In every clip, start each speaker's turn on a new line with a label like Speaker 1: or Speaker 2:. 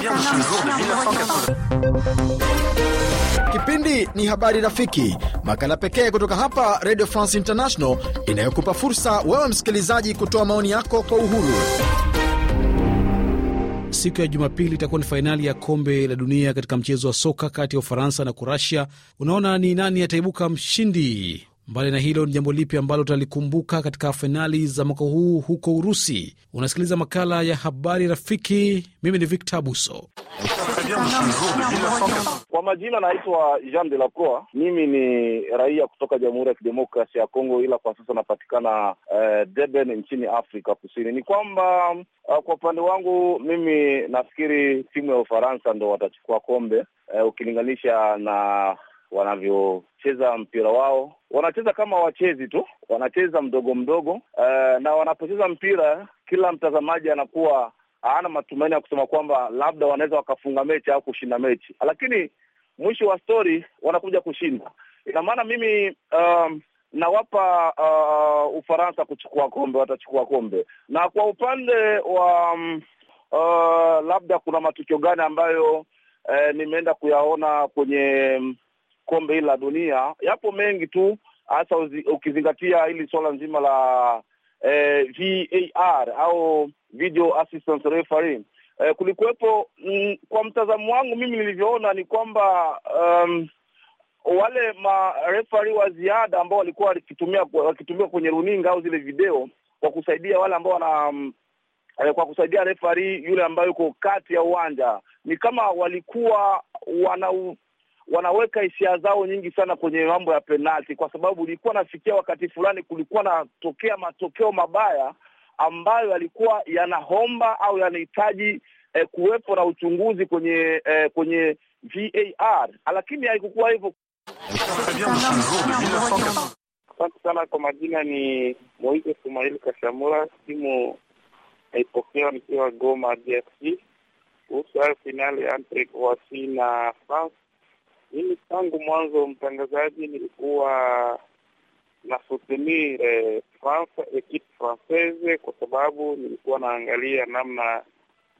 Speaker 1: Ah, Kipindi ni Habari Rafiki, makala pekee kutoka hapa Radio France International inayokupa fursa wewe msikilizaji kutoa maoni yako kwa uhuru. Siku ya Jumapili itakuwa ni fainali ya kombe la dunia katika mchezo wa soka kati ya Ufaransa na Kurasia. Unaona ni nani ataibuka mshindi? Mbali na hilo, ni jambo lipi ambalo tunalikumbuka katika fainali za mwaka huu huko Urusi? Unasikiliza makala ya habari rafiki. Mimi ni Victor Abuso.
Speaker 2: Kwa majina naitwa Jean de la Croix. Mimi ni raia kutoka Jamhuri ya Kidemokrasia ya Kongo, ila kwa sasa napatikana uh, Durban nchini Afrika Kusini. Ni kwamba uh, kwa upande wangu mimi nafikiri timu ya Ufaransa ndo watachukua kombe uh, ukilinganisha na
Speaker 3: wanavyocheza
Speaker 2: mpira wao, wanacheza kama wachezi tu, wanacheza mdogo mdogo. Uh, na wanapocheza mpira, kila mtazamaji anakuwa hana matumaini ya kusema kwamba labda wanaweza wakafunga mechi au kushinda mechi, lakini mwisho wa stori wanakuja kushinda. Ina maana mimi um, nawapa uh, Ufaransa kuchukua kombe, watachukua kombe. Na kwa upande wa um, uh, labda kuna matukio gani ambayo uh, nimeenda kuyaona kwenye kombe hili la dunia. Yapo mengi tu, hasa ukizingatia hili swala nzima la eh, VAR au video assistance referee eh, kulikuwepo mm, kwa mtazamo wangu mimi nilivyoona ni kwamba um, wale marefari wa ziada ambao walikuwa wakitumia wakitumia kwenye runinga au zile video kwa kusaidia wale ambao wana um, kwa kusaidia refari yule ambayo yuko kati ya uwanja, ni kama walikuwa wana wanaweka hisia zao nyingi sana kwenye mambo ya penalti, kwa sababu ilikuwa nafikia wakati fulani kulikuwa natokea matokeo mabaya ambayo yalikuwa yanahomba au yanahitaji eh, kuwepo na uchunguzi kwenye eh, kwenye VAR, lakini haikukuwa hivyo.
Speaker 3: Asante sana kwa majina, ni Moise Sumail Kashamura, simu naipokewa nikiwa Goma DRC kuhusu hayo finali ya Entre Croatie na France. Mimi tangu mwanzo mtangazaji nilikuwa na soutenir eh, France equipe francaise kwa sababu nilikuwa naangalia namna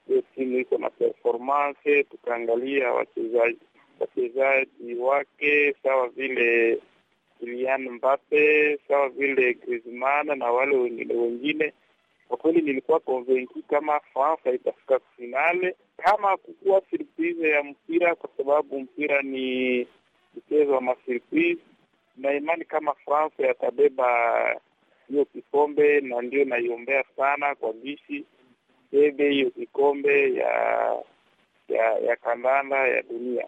Speaker 3: hiyo timu iko na performance, tukaangalia wachezaji wachezaji wake sawa vile Kylian Mbappe, sawa vile Griezmann na wale wengine wengine kwa kweli nilikuwa konvenki kama Fransa itafika finale, kama kukuwa surprise ya mpira, kwa sababu mpira ni mchezo wa masurprise, na imani kama Fransa yatabeba hiyo kikombe, na ndio naiombea sana kwa gishi bebe hiyo kikombe ya ya ya kandanda ya dunia.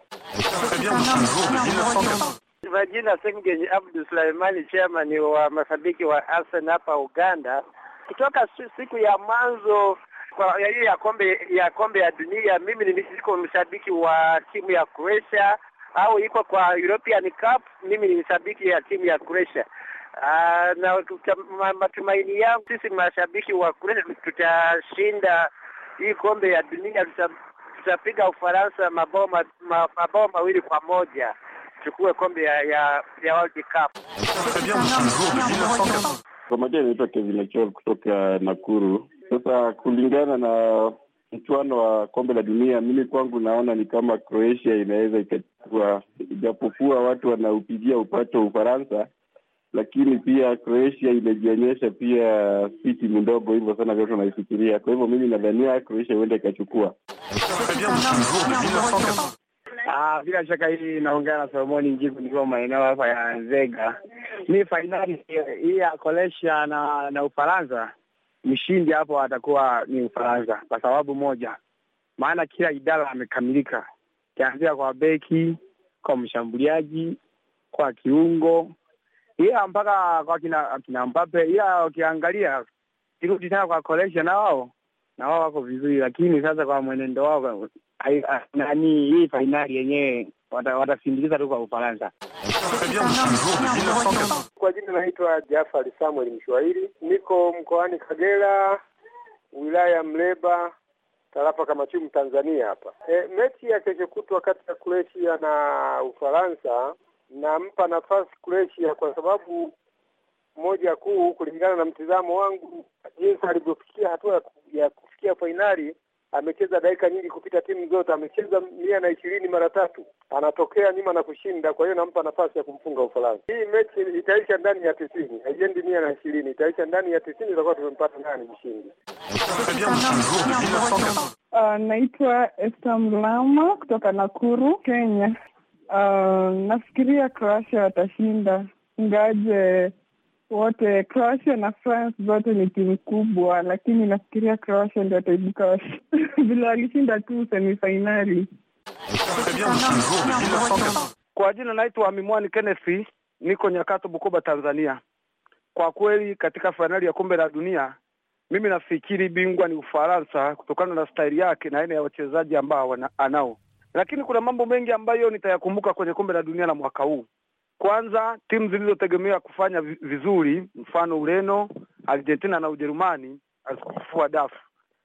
Speaker 4: Majina Sengeji Abdu Suleimani, chairman wa mashabiki wa Arsenal hapa Uganda kutoka siku ya mwanzo kwa hiyo ya kombe ya kombe ya dunia, mimi niko mshabiki wa timu ya Croatia au iko kwa European Cup, mimi ni mshabiki ya timu ya Croatia. Ah, na matumaini yangu sisi mashabiki wa Croatia tutashinda hii kombe ya dunia, tutapiga Ufaransa mabao mabao mawili kwa moja, chukue kombe ya ya, ya World Cup
Speaker 3: Samakia inaitwa
Speaker 2: Kevinachol kutoka Nakuru. Sasa kulingana na mchuano wa kombe la dunia, mimi kwangu naona ni kama Croatia inaweza
Speaker 3: ikachukua,
Speaker 2: ijapokuwa watu wanaupigia upato Ufaransa, lakini pia Croatia imejionyesha pia si timu ndogo hivyo sana vyote wanaifikiria. Kwa hivyo mimi nadhania Croatia huenda ikachukua
Speaker 3: Ah, bila shaka hii naongea na Solomoni Njiku nikiwa maeneo hapa ya Nzega. Ni fainali hii ya Kolesha na na Ufaransa, mshindi hapo atakuwa ni Ufaransa kwa sababu moja, maana kila idara amekamilika, kianzia kwa beki, kwa mshambuliaji, kwa kiungo, ila mpaka kwa kina kina Mbappe. Ila ukiangalia kirudi tena kwa Kolesha, na wao na wao wako vizuri, lakini sasa kwa mwenendo wao Ah, nani hii fainali yenyewe watasindikiza tu kwa Ufaransa.
Speaker 4: Kwa jina naitwa Jafari Samuel Mshwahili, niko mkoani Kagera, wilaya ya Mleba, tarafa Kamachumu, Tanzania. Hapa e, mechi ya kesho kutwa kati ya Croatia na Ufaransa, nampa nafasi Croatia kwa sababu moja kuu, kulingana na mtizamo wangu, jinsi alivyofikia hatua ya kufikia fainali amecheza dakika nyingi kupita timu zote, amecheza mia na ishirini mara tatu, anatokea nyuma na kushinda. Kwa hiyo nampa nafasi ya kumfunga Ufaransa. Hii mechi itaisha ndani ya tisini, haiendi mia na ishirini, itaisha ndani ya tisini, tutakuwa tumempata nani mshindi.
Speaker 3: Uh, naitwa Esther Mlama kutoka Nakuru, Kenya. Uh, nafikiria Croatia watashinda, ngaje wote Croatia na France zote ni timu kubwa, lakini nafikiria Croatia ndio ataibuka vile walishinda tu semifainali.
Speaker 4: Kwa jina naitwa Mimwani Kenneth, niko Nyakato, Bukoba, Tanzania. Kwa kweli katika fainali ya kombe la dunia mimi nafikiri bingwa ni Ufaransa kutokana na staili yake na aina ya wachezaji ambao anao, lakini kuna mambo mengi ambayo nitayakumbuka kwenye kombe la dunia la mwaka huu. Kwanza timu zilizotegemewa kufanya vizuri, mfano Ureno, Argentina na Ujerumani hazikufua dafu.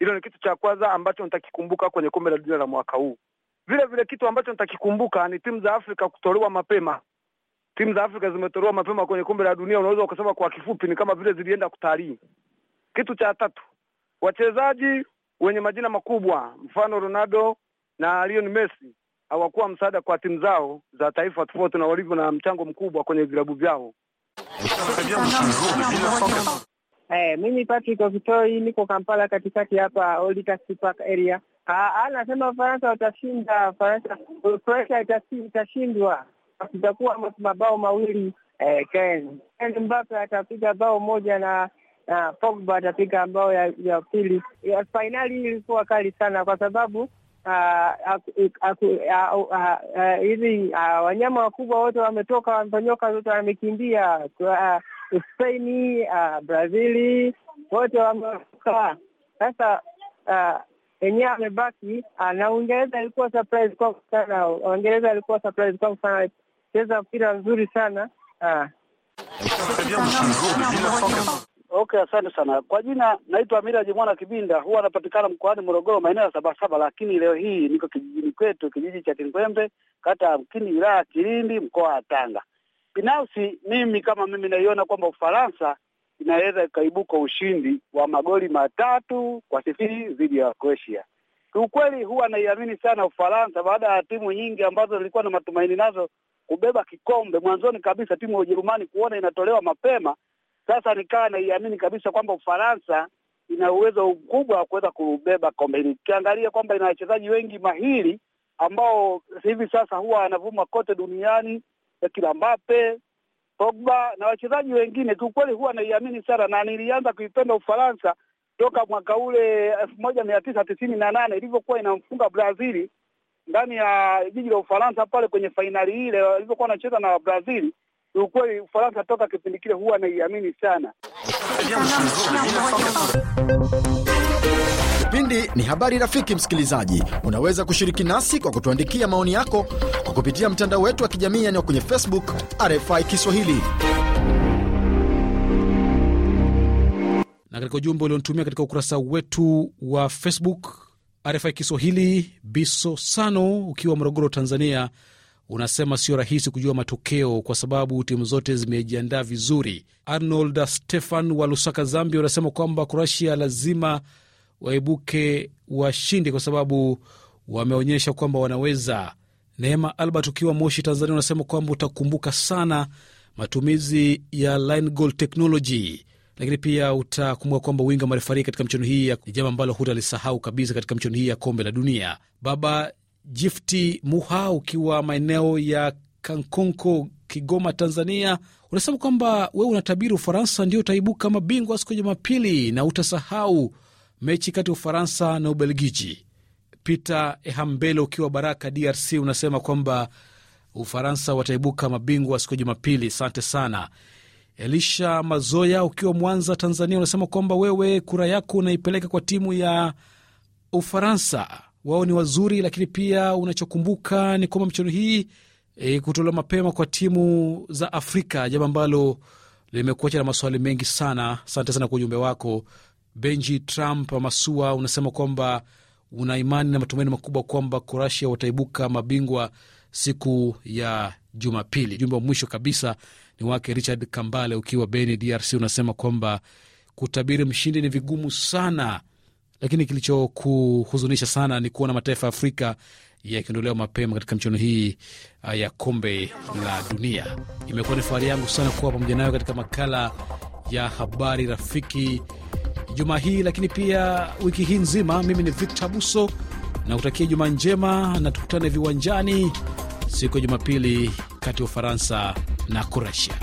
Speaker 4: Hilo ni kitu cha kwanza ambacho nitakikumbuka kwenye kombe la dunia la mwaka huu. Vile vile kitu ambacho nitakikumbuka ni timu za Afrika kutolewa mapema. Timu za Afrika zimetolewa mapema kwenye kombe la dunia, unaweza ukasema kwa kifupi ni kama vile zilienda kutalii. Kitu cha tatu, wachezaji wenye majina makubwa, mfano Ronaldo na Lionel Messi hawakuwa msaada kwa timu zao za taifa tofauti na walivyo na mchango mkubwa kwenye vilabu vyao.
Speaker 3: Hey, eh, mimi Patrick Okitoi niko Kampala katikati hapa Old Taxi Park area. Anasema ah, ah, Faransa watashinda, Faransa Croatia itashindwa, tutakuwa mabao mawili. Eh, Ken Mbappe atapiga bao moja na na Pogba atapiga bao ya, ya pili. Fainali hii ilikuwa kali sana kwa sababu Ah, ah, ah, hizi wanyama wakubwa wote wametoka, wamefanyoka wote wamekimbia Spaini, Brazili, wote wametoka. Sasa enyewe amebaki na Uingereza ilikuwa surprise kwangu sana. Uingereza ilikuwa surprise kwangu sana, cheza mpira mzuri sana.
Speaker 5: Okay, asante sana. Kwa jina naitwa Miraji Mwana Kibinda, huwa anapatikana mkoani Morogoro, maeneo ya Sabasaba, lakini leo hii niko kijijini kwetu, kijiji cha Kinkwembe, kata ya Mkini, wilaya ya Kilindi, mkoa wa Tanga. Binafsi mimi kama mimi naiona kwamba Ufaransa inaweza ikaibuka ushindi wa magoli matatu kwa sifuri dhidi ya Croatia. Kiukweli huwa naiamini sana Ufaransa baada ya timu nyingi ambazo nilikuwa na matumaini nazo kubeba kikombe mwanzoni kabisa, timu ya Ujerumani kuona inatolewa mapema sasa nikawa naiamini kabisa kwamba Ufaransa ina uwezo mkubwa wa kuweza kubeba kombe hili, ukiangalia kwamba ina wachezaji wengi mahiri ambao hivi sasa huwa anavuma kote duniani, kila Mbappe, Pogba na wachezaji wengine. Kiukweli huwa naiamini sana, na nilianza kuipenda Ufaransa toka mwaka ule elfu moja mia tisa tisini na nane ilivyokuwa inamfunga Brazili ndani ya jiji la Ufaransa pale kwenye fainali ile walivyokuwa wanacheza na Brazili ukweli, Ufaransa toka kipindi kile huwa anaiamini sana.
Speaker 1: Kipindi ni habari. Rafiki msikilizaji, unaweza kushiriki nasi kwa kutuandikia maoni yako kwa kupitia mtandao wetu wa kijamii yaani kwenye Facebook RFI Kiswahili. Na katika ujumbe uliontumia katika ukurasa wetu wa Facebook RFI Kiswahili, Biso Sano ukiwa Morogoro, Tanzania unasema sio rahisi kujua matokeo kwa sababu timu zote zimejiandaa vizuri. Arnold Stefan wa Lusaka, Zambia, unasema kwamba Kroatia lazima waibuke washindi kwa sababu wameonyesha kwamba wanaweza. Neema Albert ukiwa Moshi, Tanzania, unasema kwamba utakumbuka sana matumizi ya line goal technology lakini pia utakumbuka kwamba winga marefarii katika mchuano hii ni jambo ambalo hutalisahau kabisa katika mchuano hii ya kombe la dunia. Baba Jifti Muha, ukiwa maeneo ya Kankonko, Kigoma, Tanzania, unasema kwamba wewe unatabiri Ufaransa ndio utaibuka kama bingwa siku ya Jumapili, na utasahau mechi kati ya Ufaransa na Ubelgiji. Peter Ehambele ukiwa Baraka, DRC, unasema kwamba Ufaransa wataibuka mabingwa siku ya Jumapili. Asante sana. Elisha Mazoya ukiwa Mwanza, Tanzania, unasema kwamba wewe kura yako unaipeleka kwa timu ya Ufaransa wao ni wazuri, lakini pia unachokumbuka ni kwamba michuano hii e, kutolewa mapema kwa timu za Afrika, jambo ambalo limekuacha na maswali mengi sana. Asante sana kwa ujumbe wako Benji Trump Masua. Unasema kwamba una imani na matumaini makubwa kwamba Korasia wataibuka mabingwa siku ya Jumapili. Ujumbe wa mwisho kabisa ni wake Richard Kambale ukiwa Beni, DRC, unasema kwamba kutabiri mshindi ni vigumu sana lakini kilichokuhuzunisha sana ni kuona mataifa ya Afrika yakiondolewa mapema katika michuano hii ah, ya kombe la dunia. Imekuwa ni fahari yangu sana kuwa pamoja nayo katika makala ya habari rafiki juma hii, lakini pia wiki hii nzima. Mimi ni Victor Buso na kutakia juma njema, na tukutane viwanjani siku ya Jumapili kati ya Ufaransa na Kroatia.